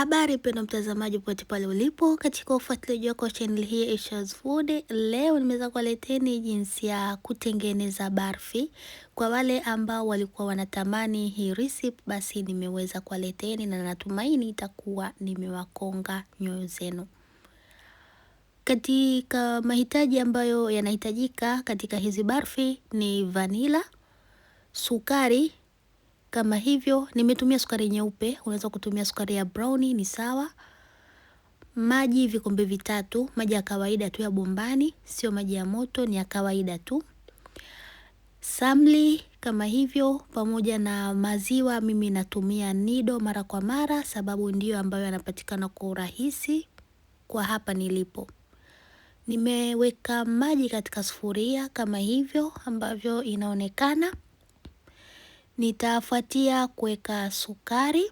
Habari pendo mtazamaji, popote pale ulipo katika ufuatiliaji wako wa channel hii Aisha's Food. Leo nimeweza kuwaleteni jinsi ya kutengeneza barfi. Kwa wale ambao walikuwa wanatamani hii recipe, basi nimeweza kuwaleteni na natumaini itakuwa nimewakonga nyoyo zenu. Katika mahitaji ambayo yanahitajika katika hizi barfi ni vanila, sukari kama hivyo. Nimetumia sukari nyeupe, unaweza kutumia sukari ya brown, ni sawa. Maji vikombe vitatu, maji ya kawaida tu ya bombani, sio maji ya moto, ni ya kawaida tu. Samli kama hivyo, pamoja na maziwa. Mimi natumia Nido mara kwa mara, sababu ndiyo ambayo yanapatikana kwa urahisi kwa hapa nilipo. Nimeweka maji katika sufuria kama hivyo ambavyo inaonekana. Nitafuatia kuweka sukari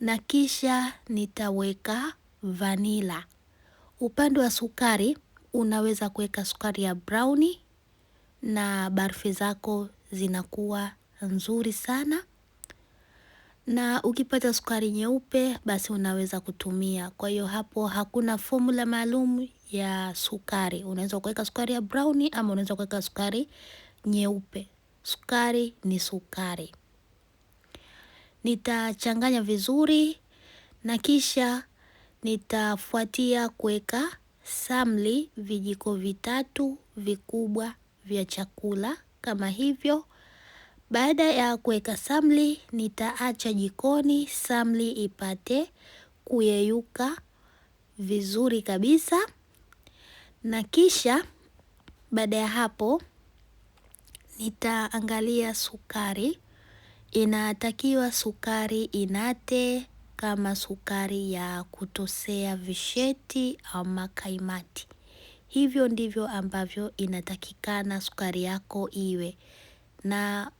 na kisha nitaweka vanila. Upande wa sukari unaweza kuweka sukari ya browni na barfi zako zinakuwa nzuri sana. Na ukipata sukari nyeupe basi unaweza kutumia. Kwa hiyo hapo hakuna formula maalum ya sukari. Unaweza kuweka sukari ya brauni ama unaweza kuweka sukari nyeupe sukari ni sukari. Nitachanganya vizuri na kisha nitafuatia kuweka samli vijiko vitatu vikubwa vya chakula kama hivyo. Baada ya kuweka samli, nitaacha jikoni samli ipate kuyeyuka vizuri kabisa, na kisha baada ya hapo nitaangalia sukari. Inatakiwa sukari inate kama sukari ya kutosea visheti ama kaimati. Hivyo ndivyo ambavyo inatakikana sukari yako iwe. Na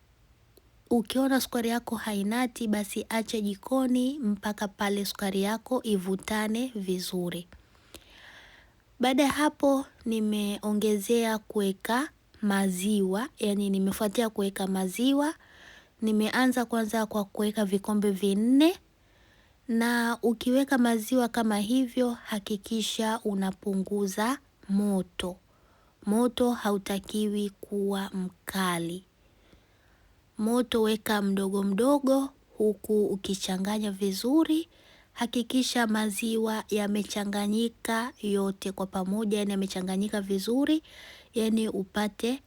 ukiona sukari yako hainati basi acha jikoni mpaka pale sukari yako ivutane vizuri. Baada ya hapo nimeongezea kuweka maziwa, yani nimefuatia kuweka maziwa. Nimeanza kwanza kwa kuweka vikombe vinne na ukiweka maziwa kama hivyo hakikisha unapunguza moto. Moto hautakiwi kuwa mkali. Moto weka mdogo mdogo huku ukichanganya vizuri Hakikisha maziwa yamechanganyika yote kwa pamoja, yani yamechanganyika vizuri, yani upate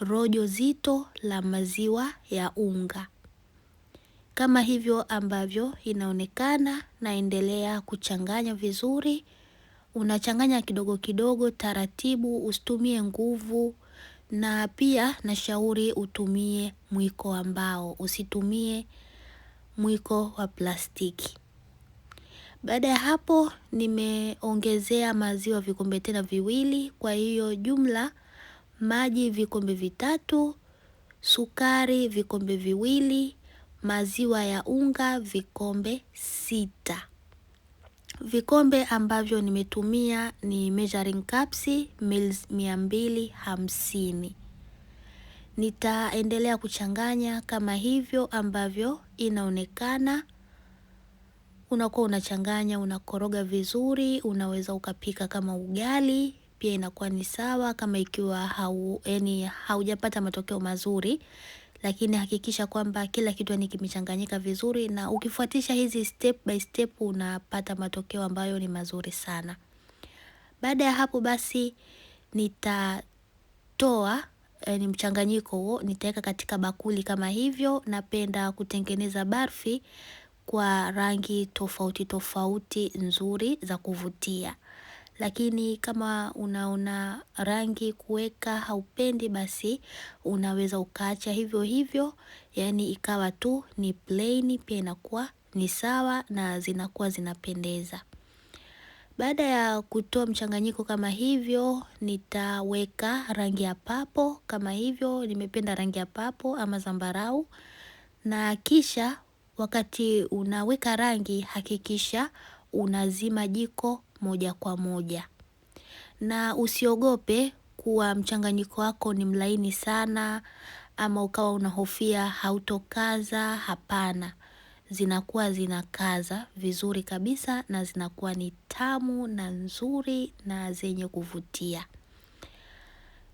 rojo zito la maziwa ya unga kama hivyo ambavyo inaonekana. Naendelea kuchanganya vizuri, unachanganya kidogo kidogo, taratibu, usitumie nguvu, na pia nashauri utumie mwiko wa mbao, usitumie mwiko wa plastiki. Baada ya hapo nimeongezea maziwa vikombe tena viwili, kwa hiyo jumla maji vikombe vitatu, sukari vikombe viwili, maziwa ya unga vikombe sita. Vikombe ambavyo nimetumia ni measuring cups mils mia mbili hamsini. Nitaendelea kuchanganya kama hivyo ambavyo inaonekana unakuwa unachanganya, unakoroga vizuri, unaweza ukapika kama ugali pia inakuwa ni sawa, kama ikiwa hau, yani haujapata matokeo mazuri, lakini hakikisha kwamba kila kitu yani kimechanganyika vizuri, na ukifuatisha hizi step by step unapata matokeo ambayo ni mazuri sana. Baada ya hapo basi nitatoa eh, ni mchanganyiko huo nitaweka katika bakuli kama hivyo. Napenda kutengeneza barfi kwa rangi tofauti tofauti nzuri za kuvutia. Lakini kama unaona rangi kuweka haupendi basi unaweza ukaacha hivyo hivyo yani ikawa tu ni plain pia inakuwa ni sawa na zinakuwa zinapendeza. Baada ya kutoa mchanganyiko kama hivyo, nitaweka rangi ya papo, kama hivyo, nimependa rangi ya papo ama zambarau, na kisha Wakati unaweka rangi hakikisha unazima jiko moja kwa moja. Na usiogope kuwa mchanganyiko wako ni mlaini sana ama ukawa unahofia hautokaza hapana. Zinakuwa zinakaza vizuri kabisa na zinakuwa ni tamu na nzuri na zenye kuvutia.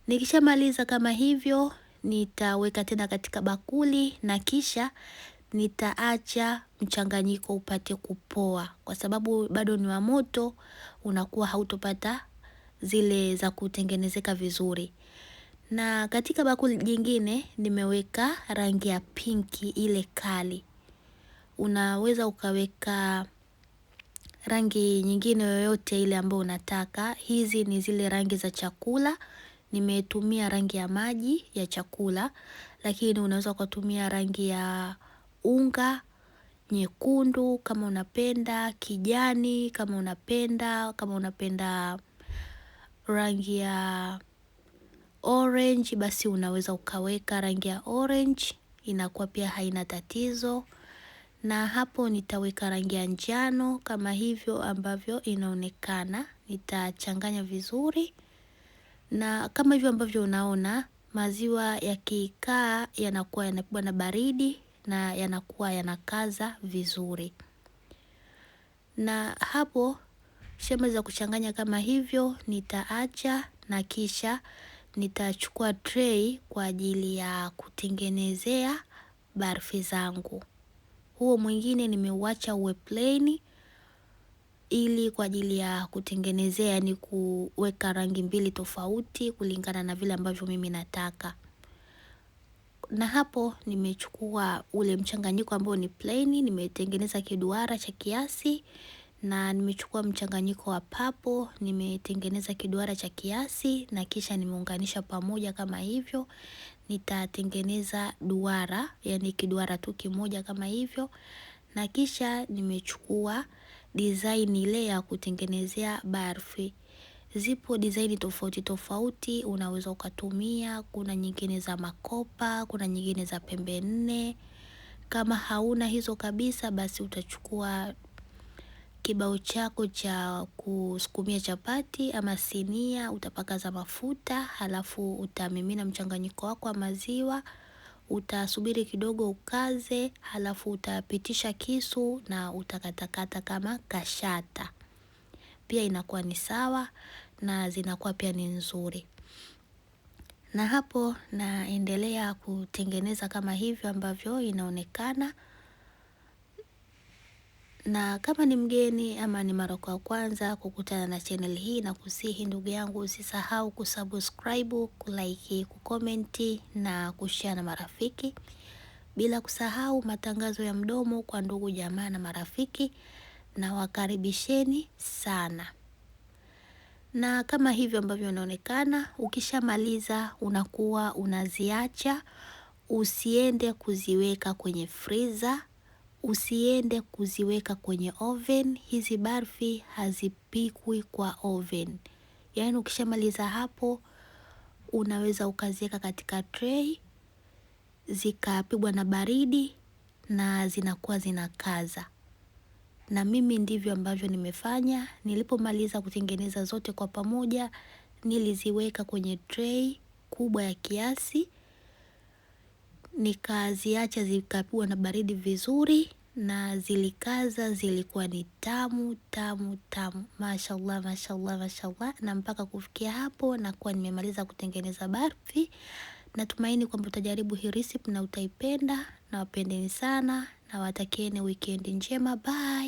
Nikishamaliza kama hivyo, nitaweka tena katika bakuli na kisha nitaacha mchanganyiko upate kupoa kwa sababu bado ni wa moto unakuwa hautopata zile za kutengenezeka vizuri. Na katika bakuli jingine nimeweka rangi ya pinki ile kali. Unaweza ukaweka rangi nyingine yoyote ile ambayo unataka. Hizi ni zile rangi za chakula. Nimetumia rangi ya maji ya chakula. Lakini unaweza ukatumia rangi ya unga nyekundu kama unapenda, kijani kama unapenda, kama unapenda rangi ya orange basi unaweza ukaweka rangi ya orange, inakuwa pia haina tatizo. Na hapo nitaweka rangi ya njano kama hivyo ambavyo inaonekana, nitachanganya vizuri. Na kama hivyo ambavyo unaona maziwa yakikaa yanakuwa yanakuwa na baridi na yanakuwa yanakaza vizuri. Na hapo shembe za kuchanganya kama hivyo nitaacha na kisha nitachukua trei kwa ajili ya kutengenezea barfi zangu. Huo mwingine nimeuacha uwe plain ili kwa ajili ya kutengenezea ni yaani kuweka rangi mbili tofauti kulingana na vile ambavyo mimi nataka na hapo nimechukua ule mchanganyiko ambao ni plain, nimetengeneza kiduara cha kiasi na nimechukua mchanganyiko wa papo, nimetengeneza kiduara cha kiasi na kisha nimeunganisha pamoja kama hivyo. Nitatengeneza duara, yani kiduara tu kimoja kama hivyo, na kisha nimechukua design ile ya kutengenezea barfi zipo design tofauti tofauti, unaweza ukatumia. Kuna nyingine za makopa, kuna nyingine za pembe nne. Kama hauna hizo kabisa, basi utachukua kibao chako cha kusukumia chapati ama sinia, utapakaza mafuta, halafu utamimina mchanganyiko wako wa maziwa, utasubiri kidogo ukaze, halafu utapitisha kisu na utakatakata kama kashata, pia inakuwa ni sawa na zinakuwa pia ni nzuri na hapo naendelea kutengeneza kama hivyo ambavyo inaonekana. Na kama ni mgeni ama ni mara kwa kwanza kukutana na channel hii, na kusihi ndugu yangu, usisahau kusubscribe, kulike, kukomenti na kushare na marafiki, bila kusahau matangazo ya mdomo kwa ndugu jamaa na marafiki, na wakaribisheni sana na kama hivyo ambavyo unaonekana. Ukishamaliza unakuwa unaziacha, usiende kuziweka kwenye friza, usiende kuziweka kwenye oven. Hizi barfi hazipikwi kwa oven. Yaani ukishamaliza hapo, unaweza ukaziweka katika tray zikapigwa na baridi na zinakuwa zinakaza na mimi ndivyo ambavyo nimefanya. Nilipomaliza kutengeneza zote kwa pamoja, niliziweka kwenye trei kubwa ya kiasi, nikaziacha zikapigwa na baridi vizuri, na zilikaza, zilikuwa ni tamu tamu tamu, mashallah mashallah mashallah. Na mpaka kufikia hapo nakuwa nimemaliza kutengeneza barfi. Natumaini kwamba utajaribu hii recipe na utaipenda. Nawapendeni sana, nawatakieni weekend njema, bye.